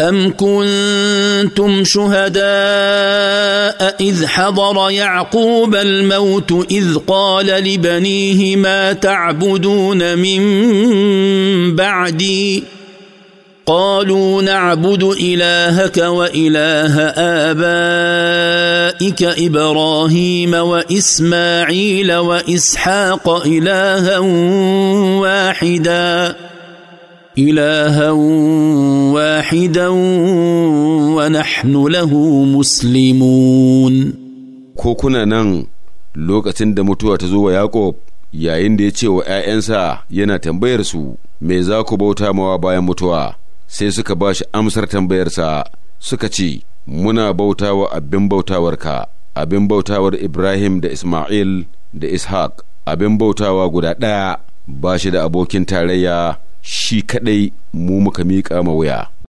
أم كنتم شهداء إذ حضر يعقوب الموت إذ قال لبنيه ما تعبدون من بعدي قالوا نعبد إلهك وإله آبائك إبراهيم وإسماعيل وإسحاق إلها واحداً إلها واحدا ونحن له مسلمون ko kuna nan lokacin da mutuwa ta zo wa Yaƙob yayin da ya ce wa ‘ya'yansa yana tambayar su, me za ku bauta mawa bayan mutuwa, sai suka ba shi amsar tambayarsa suka ce, Muna bauta wa abin bautawarka, abin bautawar Ibrahim da Ismail da Ishaq, abin bautawa guda ɗaya ba da abokin tarayya shi kaɗai mu muka miƙa ma wuya.